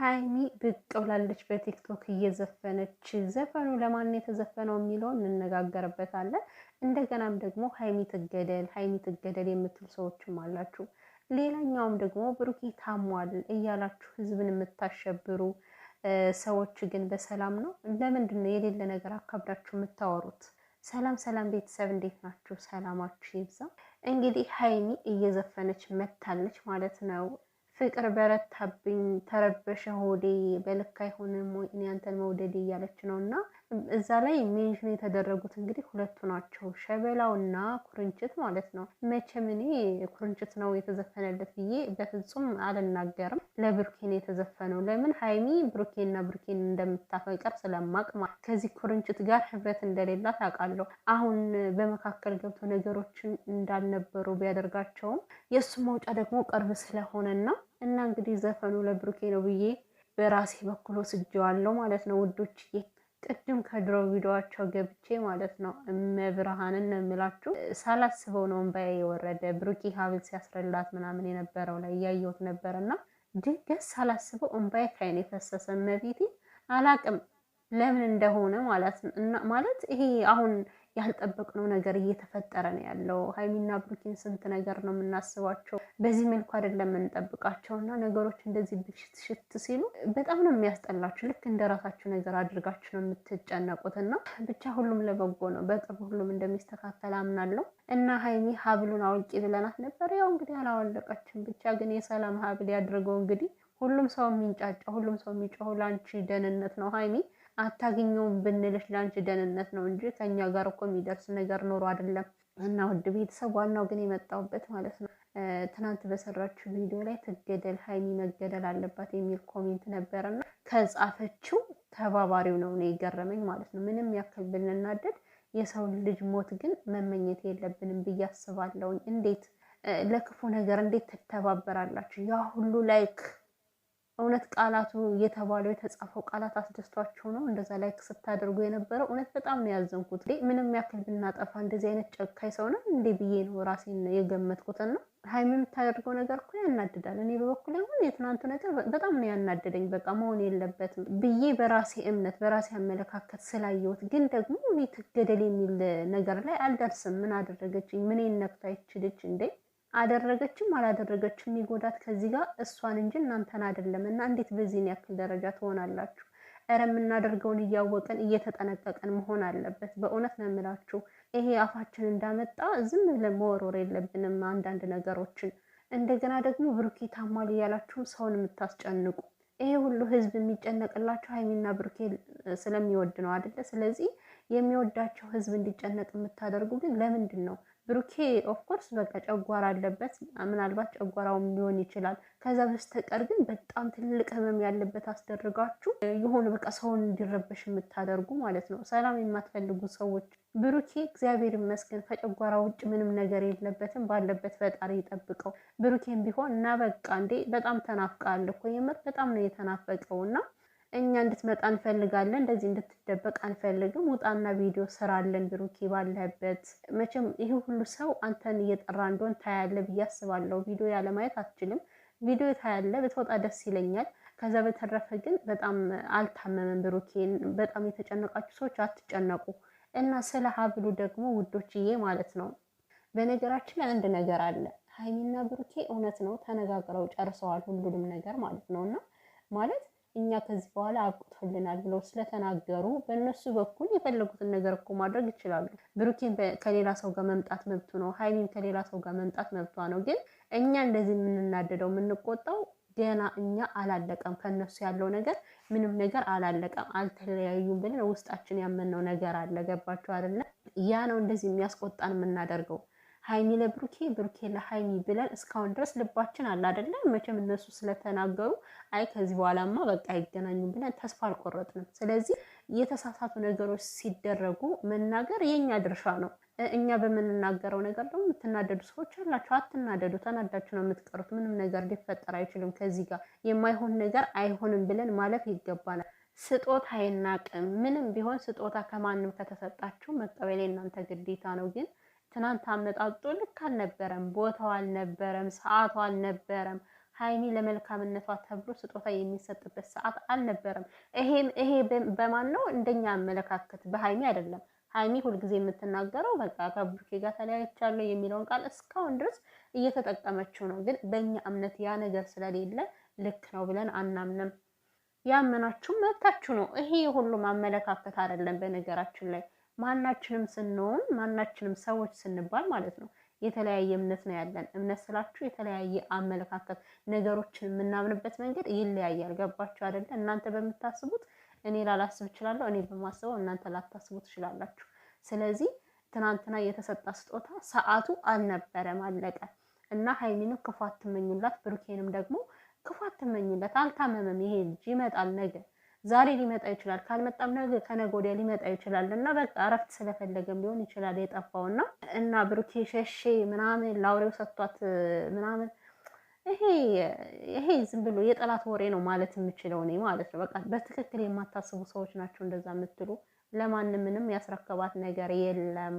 ሀይሚ ብቅ ብላለች በቲክቶክ እየዘፈነች ዘፈኑ ለማን የተዘፈነው የሚለውን እንነጋገርበታለን። እንደገናም ደግሞ ሀይሚ ትገደል ሀይሚ ትገደል የምትል ሰዎችም አላችሁ። ሌላኛውም ደግሞ ብሩኬ ታሟል እያላችሁ ህዝብን የምታሸብሩ ሰዎች ግን በሰላም ነው? ለምንድን ነው የሌለ ነገር አካብዳችሁ የምታወሩት? ሰላም ሰላም ቤተሰብ እንዴት ናችሁ? ሰላማችሁ ይብዛ። እንግዲህ ሀይሚ እየዘፈነች መታለች ማለት ነው። ፍቅር በረታብኝ፣ ተረበሸ ሆዴ፣ በልክ አይሆንም ወይ እኔ አንተን መውደዴ እያለች ነው እና እዛ ላይ ሜንሽን የተደረጉት እንግዲህ ሁለቱ ናቸው፣ ሸበላው እና ኩርንችት ማለት ነው። መቼም እኔ ኩርንችት ነው የተዘፈነለት ብዬ በፍጹም አልናገርም። ለብሩኬን የተዘፈነው ለምን ሀይሚ ብሩኬንና ብሩኬን እንደምታፈቀር ስለማቅማ ከዚህ ኩርንችት ጋር ህብረት እንደሌላት አውቃለሁ። አሁን በመካከል ገብቶ ነገሮችን እንዳልነበሩ ቢያደርጋቸውም የእሱ መውጫ ደግሞ ቅርብ ስለሆነና እና እንግዲህ ዘፈኑ ለብሩኬ ነው ብዬ በራሴ በኩል ወስጀዋለሁ ማለት ነው ውዶችዬ። ቅድም ከድሮ ቪዲዮቸው ገብቼ ማለት ነው እመብርሃንን ነው የምላችሁ። ሳላስበው ነው እምባዬ የወረደ ብሩኪ ሀብል ሲያስረላት ምናምን የነበረው ላይ እያየሁት ነበር እና ድንገት ሳላስበው እምባዬ ከዓይኔ የፈሰሰ መቤቴ አላቅም ለምን እንደሆነ ማለት ማለት ይሄ አሁን ያልጠበቅነው ነገር እየተፈጠረ ነው ያለው። ሀይሚና ብሩኪን ስንት ነገር ነው የምናስባቸው፣ በዚህ መልኩ አይደለም የምንጠብቃቸው እና ነገሮች እንደዚህ ብሽት ሽት ሲሉ በጣም ነው የሚያስጠላችሁ። ልክ እንደ ራሳችሁ ነገር አድርጋችሁ ነው የምትጨነቁት። እና ብቻ ሁሉም ለበጎ ነው። በቅርብ ሁሉም እንደሚስተካከል አምናለሁ። እና ሀይሚ ሀብሉን አውልቂ ብለናት ነበር። ያው እንግዲህ አላወለቀችም። ብቻ ግን የሰላም ሀብል ያድርገው እንግዲህ። ሁሉም ሰው የሚንጫጫ ሁሉም ሰው የሚጮኸው ለአንቺ ደህንነት ነው ሀይሚ አታገኘውም ብንልሽ ለአንቺ ደህንነት ነው እንጂ ከእኛ ጋር እኮ የሚደርስ ነገር ኖሮ አይደለም። እና ውድ ቤተሰብ ዋናው ግን የመጣውበት ማለት ነው ትናንት በሰራችው ቪዲዮ ላይ ትገደል ሀይሚ መገደል አለባት የሚል ኮሜንት ነበረና ከጻፈችው ተባባሪው ነው እኔ የገረመኝ ማለት ነው። ምንም ያክል ብንናደድ የሰው ልጅ ሞት ግን መመኘት የለብንም ብዬ አስባለሁኝ። እንዴት ለክፉ ነገር እንዴት ትተባበራላችሁ? ያ ሁሉ ላይክ እውነት ቃላቱ የተባለው የተጻፈው ቃላት አስደስቷቸው ነው እንደዛ ላይክ ስታደርጉ የነበረው? እውነት በጣም ነው ያዘንኩት። ምንም ያክል ብናጠፋ እንደዚህ አይነት ጨካኝ ሰው ነው እንዴ ብዬ ነው ራሴን የገመትኩትን ነው። ሀይሚ የምታደርገው ነገር እኮ ያናድዳል። እኔ በበኩል አሁን የትናንቱ ነገር በጣም ነው ያናደደኝ። በቃ መሆን የለበትም ብዬ በራሴ እምነት በራሴ አመለካከት ስላየሁት፣ ግን ደግሞ እኔ ትገደል የሚል ነገር ላይ አልደርስም። ምን አደረገችኝ? ምን ነክታ ይችልች እንዴ አደረገችም አላደረገችም የሚጎዳት ከዚህ ጋር እሷን እንጂ እናንተን አይደለም። እና እንዴት በዚህን ያክል ደረጃ ትሆናላችሁ? እረ የምናደርገውን እያወቅን እየተጠነቀቀን መሆን አለበት። በእውነት ነው የምላችሁ። ይሄ አፋችን እንዳመጣ ዝም ብለን መወርወር የለብንም አንዳንድ ነገሮችን። እንደገና ደግሞ ብሩኬ ታሟል እያላችሁም ሰውን የምታስጨንቁ ይሄ ሁሉ ህዝብ የሚጨነቅላቸው ሀይሚና ብሩኬ ስለሚወድ ነው አደለ? ስለዚህ የሚወዳቸው ህዝብ እንዲጨነቅ የምታደርጉ ግን ለምንድን ነው? ብሩኬ ኦፍኮርስ በቃ ጨጓራ አለበት፣ ምናልባት ጨጓራውም ሊሆን ይችላል። ከዛ በስተቀር ግን በጣም ትልቅ ህመም ያለበት አስደርጋችሁ የሆነ በቃ ሰውን እንዲረበሽ የምታደርጉ ማለት ነው፣ ሰላም የማትፈልጉ ሰዎች። ብሩኬ እግዚአብሔር ይመስገን ከጨጓራ ውጭ ምንም ነገር የለበትም። ባለበት ፈጣሪ ይጠብቀው። ብሩኬም ቢሆን እና በቃ እንዴ በጣም ተናፍቃል እኮ የምር በጣም ነው የተናፈቀው እና እኛ እንድትመጣ እንፈልጋለን፣ እንደዚህ እንድትደበቅ አንፈልግም። ውጣና ቪዲዮ ስራለን ብሩኬ ባለበት መቼም ይህ ሁሉ ሰው አንተን እየጠራ እንደሆን ታያለ ብዬ አስባለሁ። ቪዲዮ ያለማየት አትችልም። ቪዲዮ ታያለ፣ ብትወጣ ደስ ይለኛል። ከዛ በተረፈ ግን በጣም አልታመመም ብሩኬ። በጣም የተጨነቃችሁ ሰዎች አትጨነቁ። እና ስለ ሀብሉ ደግሞ ውዶችዬ ማለት ነው። በነገራችን ላይ አንድ ነገር አለ። ሀይሚና ብሩኬ እውነት ነው ተነጋግረው ጨርሰዋል ሁሉንም ነገር ማለት ነው እና ማለት እኛ ከዚህ በኋላ አብቅቶልናል ብለው ስለተናገሩ በእነሱ በኩል የፈለጉትን ነገር እኮ ማድረግ ይችላሉ። ብሩኬን ከሌላ ሰው ጋር መምጣት መብቱ ነው። ሀይሚን ከሌላ ሰው ጋር መምጣት መብቷ ነው። ግን እኛ እንደዚህ የምንናደደው የምንቆጣው ገና እኛ አላለቀም፣ ከእነሱ ያለው ነገር ምንም ነገር አላለቀም፣ አልተለያዩም ብለን ውስጣችን ያመነው ነገር አለ። ገባችሁ አይደለ? ያ ነው እንደዚህ የሚያስቆጣን የምናደርገው ሀይሚ ለብሩኬ ብሩኬ ለሀይሚ ብለን እስካሁን ድረስ ልባችን አለ አይደለም። መቼም እነሱ ስለተናገሩ አይ ከዚህ በኋላማ በቃ አይገናኙም ብለን ተስፋ አልቆረጥንም። ስለዚህ የተሳሳቱ ነገሮች ሲደረጉ መናገር የኛ ድርሻ ነው። እኛ በምንናገረው ነገር ደግሞ የምትናደዱ ሰዎች አላቸው አትናደዱ። ተናዳችሁ ነው የምትቀሩት። ምንም ነገር ሊፈጠር አይችልም። ከዚህ ጋር የማይሆን ነገር አይሆንም ብለን ማለፍ ይገባናል። ስጦታ አይናቅም። ምንም ቢሆን ስጦታ ከማንም ከተሰጣችሁ መቀበል የእናንተ ግዴታ ነው ግን ትናንት አመጣጡ ልክ አልነበረም፣ ቦታው አልነበረም፣ ሰዓቱ አልነበረም። ሀይሚ ለመልካምነቷ ተብሎ ስጦታ የሚሰጥበት ሰዓት አልነበረም። ይሄም ይሄ በማን ነው? እንደኛ አመለካከት በሀይሚ አይደለም። ሀይሚ ሁልጊዜ የምትናገረው በቃ ከብሩኬ ጋር ተለያይቻለሁ የሚለውን ቃል እስካሁን ድረስ እየተጠቀመችው ነው። ግን በእኛ እምነት ያ ነገር ስለሌለ ልክ ነው ብለን አናምንም። ያመናችሁ መብታችሁ ነው። ይሄ የሁሉም አመለካከት አይደለም በነገራችን ላይ ማናችንም ስንሆን ማናችንም ሰዎች ስንባል ማለት ነው የተለያየ እምነት ነው ያለን። እምነት ስላችሁ የተለያየ አመለካከት፣ ነገሮችን የምናምንበት መንገድ ይለያያል። ገባችሁ አይደለ? እናንተ በምታስቡት እኔ ላላስብ እችላለሁ። እኔ በማስበው እናንተ ላታስቡ ትችላላችሁ። ስለዚህ ትናንትና የተሰጣ ስጦታ ሰዓቱ አልነበረም፣ አለቀ እና ሀይሚንም ክፉ አትመኙላት፣ ብሩኬንም ደግሞ ክፉ አትመኙለት። አልታመመም፣ ይሄ ልጅ ይመጣል ነገር ዛሬ ሊመጣ ይችላል፣ ካልመጣም ነገ ከነገ ወዲያ ሊመጣ ይችላል እና በቃ እረፍት ስለፈለገም ሊሆን ይችላል የጠፋውና እና ብሩኬ ሸሼ ምናምን ላውሬው ሰጥቷት ምናምን ይሄ ይሄ ዝም ብሎ የጠላት ወሬ ነው ማለት የምችለው እኔ ማለት ነው። በቃ በትክክል የማታስቡ ሰዎች ናቸው እንደዛ የምትሉ። ለማንም ምንም ያስረከባት ነገር የለም።